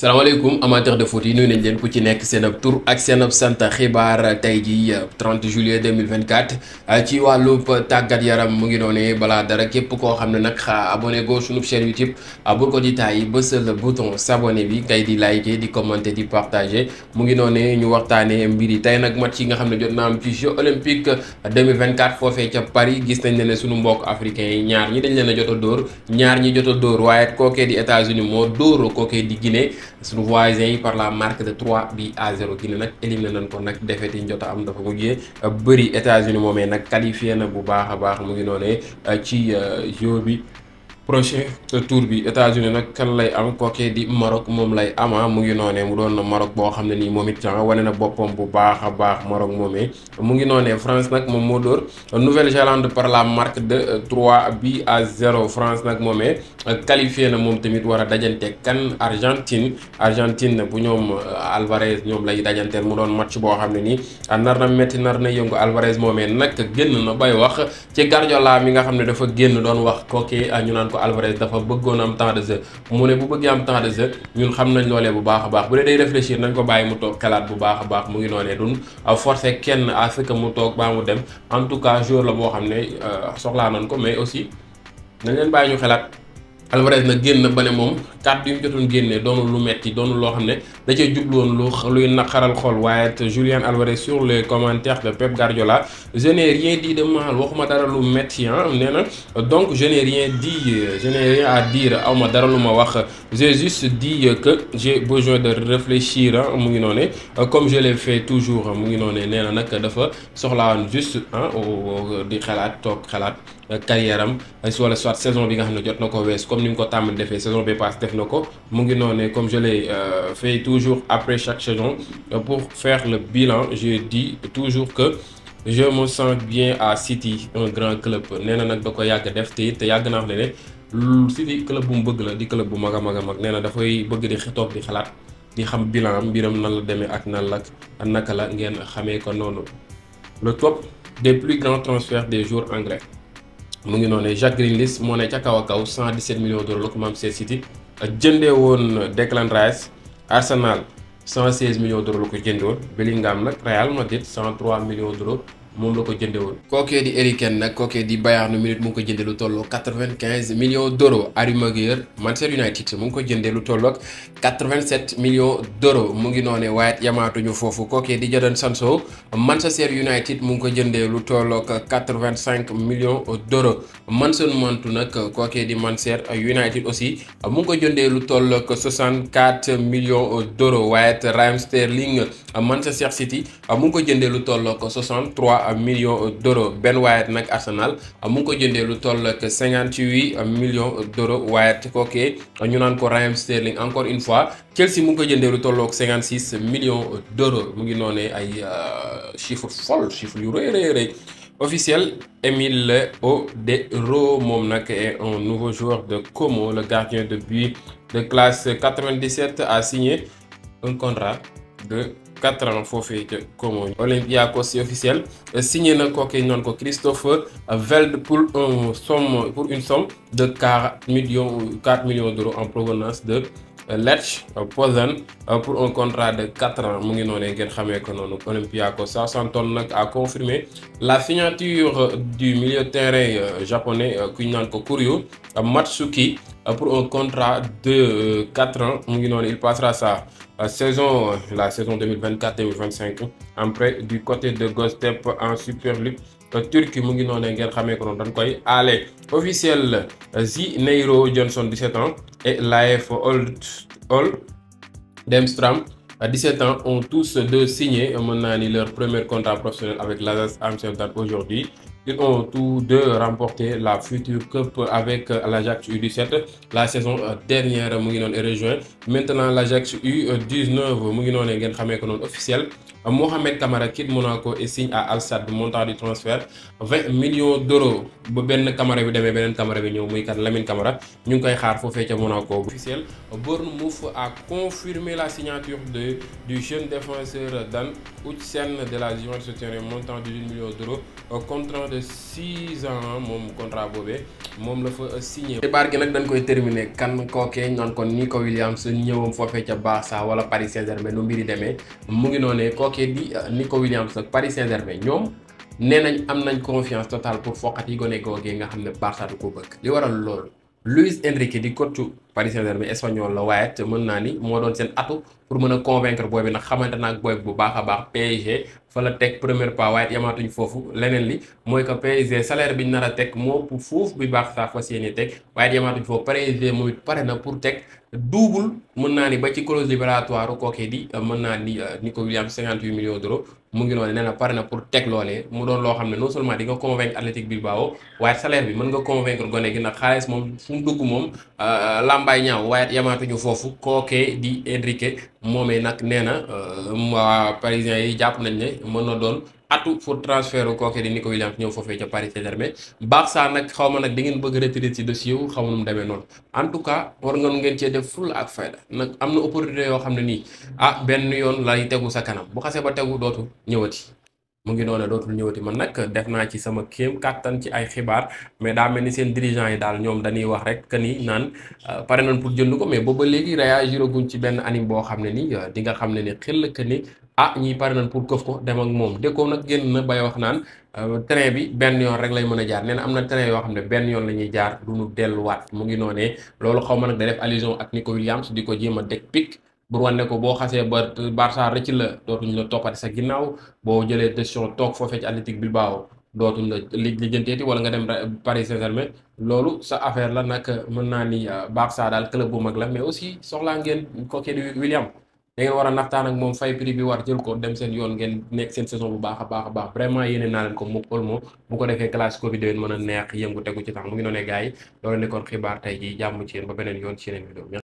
salaamaaleykum amateurs de foot yi nuyu nañ leen ku ci nekk seen ab tur ak seen ab sant xibaar tey jii 30 juillet 2024 ci wàllub tàggat yaram mu ngi noonu balaa dara képp koo xam ne nag abonné go sunub chaîne YouTube ah bu ko di taay bësal bouton s'abonner bi ngay di liker di commenter di partager mu ngi noonu ñu waxtaanee mbir yi tey nag match yi nga xam ne jot naa am ci Jeux olympiques 2024 foofee ca Paris gis nañ ne suñu mbokk africains yi ñaar ñi dañ leen a jot a dóor ñaar ñi jot dóor waaye kookee di États-Unis moo dóor kookee di Guinée. suñu voisins yi par la marque de 3 bi à 0 Guinée nag éliminé nañ ko nag défaite yi njota am dafa ko jiyee bëri États-Unis moomee nag qualifié na bu baax a baax mu ngi noonee ci jeu bi prochain tour bi États-Unis nag kan lay am kookee di Maroc moom lay ama ah, mu ngi noonee mu doon Maroc boo xam ne nii moom it ah, wane na boppam bu baax a baax Maroc moomee mu ngi noonee France nag moom moo dóor Nouvelle-Zélande par la marque de 3 bi à 0 France nag moomee qualifié na moom tamit war a dajante kan Argentine Argentine bu ñoom ah, Alvarez ñoom lay dajanteel mu doon match boo xam ne nii nar na métti nar na yëngu Alvarez moomee nag génn na Marco Alvarez dafa bëggoon am temps de jeu mu ne bu bëggee am temps de jeu ñun xam nañ loolee bu baax a baax bu dee day réfléchir nañ ko bàyyi mu toog kalaat bu baax a baax mu ngi noonee dun forcer kenn à que mu toog baa mu dem en tout cas joueur la moo xam ne euh, soxlaa nañ ko mais aussi nañ leen bàyyi ñu xelaat Alvarez na génn ba ne moom kàddu yi mu génne doonul lu metti doonul loo xam ne da cee jubluwoon lu luy naqaral xol waaye Julian Alvarez sur les commentaires de Pep Guardiola je n'ai rien dit de mal waxuma dara lu metti ah nee na donc je n'ai rien dit je n'ai à dire aw ma dara lu ma wax j'ai juste di que j'ai besoin de réfléchir ah, mu ngi noone comme je l'ai fait toujours mu ngi noone nee na nag dafa soxlaa woon juste ah di xalaat toog xalaat. carrière am wala euh, soit saison bi nga xam ne jot na ko wees comme ni mu ko tàmm defee saison bi passe def na ko mu ngi noonu comme je l'ai euh, fait toujours après chaque saison euh, pour faire la bilan je dis toujours que jeu me sens bien à City un grand club nee na nag da ko yàgg def te te yàgg naa wax ne ne City club bu mu bëgg na di club bu mag a mag a mag nee na dafay bëgg di toog di xalaat di xam bilan mbiram nan la demee ak nan la naka la ngeen xamee ko noonu le top des plus grands transferts des joueurs anglais mu ngi noonu Jack Grealish moo ne ca kaw a kaw 117 millions d'euros la ko Manchester City jëndee woon Declan Rice Arsenal 116 millions d'euros la ko jëndee woon Bellingham nag Real Madrid 103 millions d'euros moom la ko jënde woon kookee di Harry Kane nag kookee di Bayern Munich mu ngi ko jënde lu tolloo quatre-vingt-quinze millions Manchester United mu ngi ko jënde lu tolloo ak quatre-vingt-sept millions d'euros mu ngi noonee waaye it yamaatuñu foofu kookee di Jadon Sancho Manchester United mu ngi ko jëndee lu tolloo ak quatre-vingt-cinq millions d'euros Mason Mount nag kookee di Manchester United aussi mu ko jëndee lu tolloo ak soixante-quatre millions d'euros waaye it Raheem Sterling Manchester City mu ngi ko jëndee lu tolloo soixante-trois million d'euros benn Wyatt nag Arsenal mu ngi ko jëndee lu toll ak cinquante huit millions d'euros Wyatt kookee ñu naan ko Raheem Sterling encore une fois Chelsea mu ngi ko jëndee lu toll ak cinquante six millions mu ngi noone ay euh, chiffre folle chiffre yu rëy rëy rëy officiel Emile Odero moom nag et un nouveau joueur de Como le gardien de but de classe 97 a signé un contrat de 4 ans foofee ca Como Olympiakos officiel euh, signé na kooke noonu ko Christophe Veld euh, pour un somme pour une somme de 4 millions 4 millions d'euros en provenance de Lecce Posen pour un contrat de quatre ans mu ngi noonee ngeen xamee ko noonu Olympiakos Southampton nag a confirmé la signature du milieu de terrain japonais ku ñu naan ko euh, Kuryu Matsuki pour un contrat de quatre ans mu ngi noonu il passera sa euh, saison euh, la saison 2024-2025 en prêt du côté de Gostep en Super League Turquie mu ngi noonee ngeen xamee ko noonu dañ koy aale officiel Zinairo Johnson 17 ans et Laef Old Old Demstram 17 ans ont tous deux signé mën naa ni leur premier contrat professionnel avec l'Ajax Amsterdam aujourd'hui ils ont tous deux remporté la future coupe avec l'Ajax U17 la saison dernière mu ngi noonu et rejoint maintenant l'Ajax U19 mu ngi noonee ngeen xamee ko noonu officiel Euh, Mohamed Kamara quitte Monaco et signe à Al Sadd montant du transfert 20 millions d'euros ba benn Kamara bi demee beneen Kamara bi ñëw muy kat Lamine Kamara ñu ngi koy xaar foofee ca Monaco. officiel Bournemouth a confirmé la signature de du jeune défenseur Dan Huijsen de la Juventus montant de 10 millions d'euros euh, contrant de 6 ans moom contrat boobee. moom la fa euh, signé. xibaar gi nag dañ koy terminer kan kookee ñoon kon Nico Williams ñëwam foofee ca Barça wala Paris Saint-Germain nu mbiri demee mu ngi noonee kookee di euh, Nico Williams ak Paris Saint-Germain ñoom nee nañ am nañ confiance totale pour foqat yi gone googee nga xam ne Barça du ko bëgg li waral loolu. Luis Enrique di coach Paris Saint-Germain espagnol la waaye it mën naa ni moo doon seen atu pour mën a convaincre booy bi nag xamante naa ak booy bu baax a baax PSG fa la teg premier pas waaye it yamaatuñ foofu leneen li mooy que PSG salaire bi nar a teg moo pour foofu bi baax saa fas yéene teg waaye it yamaatuñ foofu PSG moom it pare na pour teg. double mën naa ni ba ci clause libératoire kookee di euh, mën naa ni euh, ni ko Williams cinquante huit millions d'euros mu ngi noonu nee na pare na pour teg loolee mu doon loo xam ne non seulement di nga convaincre Athletic Bilbao waaye salaire bi mën nga convaincre gone gi nag xaalis moom fu mu dugg moom euh, làmbaay ñaaw waaye yamaatuñu foofu kookee di Enrique moomee nag nee na waa parisien yi jàpp nañ ne mën na doon atu pour transfert kooke di Nico Williams ñëw foofee ca Paris Saint-Germain baax saa nag xaw ma nag da ngeen bëgg retiré ci dossier wu xaw ma nu mu demee noonu en tout cas war nga ngeen cee def fulla ak fayda nag am na opportunité yoo xam ne nii ah benn yoon lay tegu sa kanam bu xasee ba tegu dootul ñëwati mu ngi noonu dootul ñëwati man nag def naa ci sama kéem kàttan ci ay xibaar mais daa mel ni seen dirigeant yi daal ñoom dañuy wax rek que ni naan euh, pare nañ pour jënd ko mais booba léegi réagir guñ ci benn anim boo xam ne nii euh, di nga xam ne ni xel que ni ah ñii pare nañ pour këf ko dem moom Déco nag génn na bay wax naan euh, train bi benn yoon rek lay mën a jaar nee am na train yoo xam ne benn yoon la ñuy jaar du ñu delluwaat mu ngi noonee loolu xaw ma nag da def allusion ak Nico Williams di ko jéem a deg pic bu wane ko boo xasee ba euh, Barça rëcc la dootuñu la toppati sa ginnaaw boo jëlee décision toog foofee ci Athletic Bilbao dootuñ la li lijjanteeti wala nga dem Paris Saint-Germain loolu sa affaire la nag mën naa ni euh, Barça daal club bu mag la mais aussi soxlaa ngeen kooku di da ngeen war a naxtaan ak moom fay prix bi war jël ko dem seen yoon ngeen nekk seen saison bu baax a baax a baax vraiment yéene naa leen ko mu Olmo bu ko defee classico bi déwén mën a neex yëngu tegu ci tax mu ngi noonee gars yi nekkoon xibaar tey jii jàmm ci yéen ba beneen yoon ci yeneen vidéo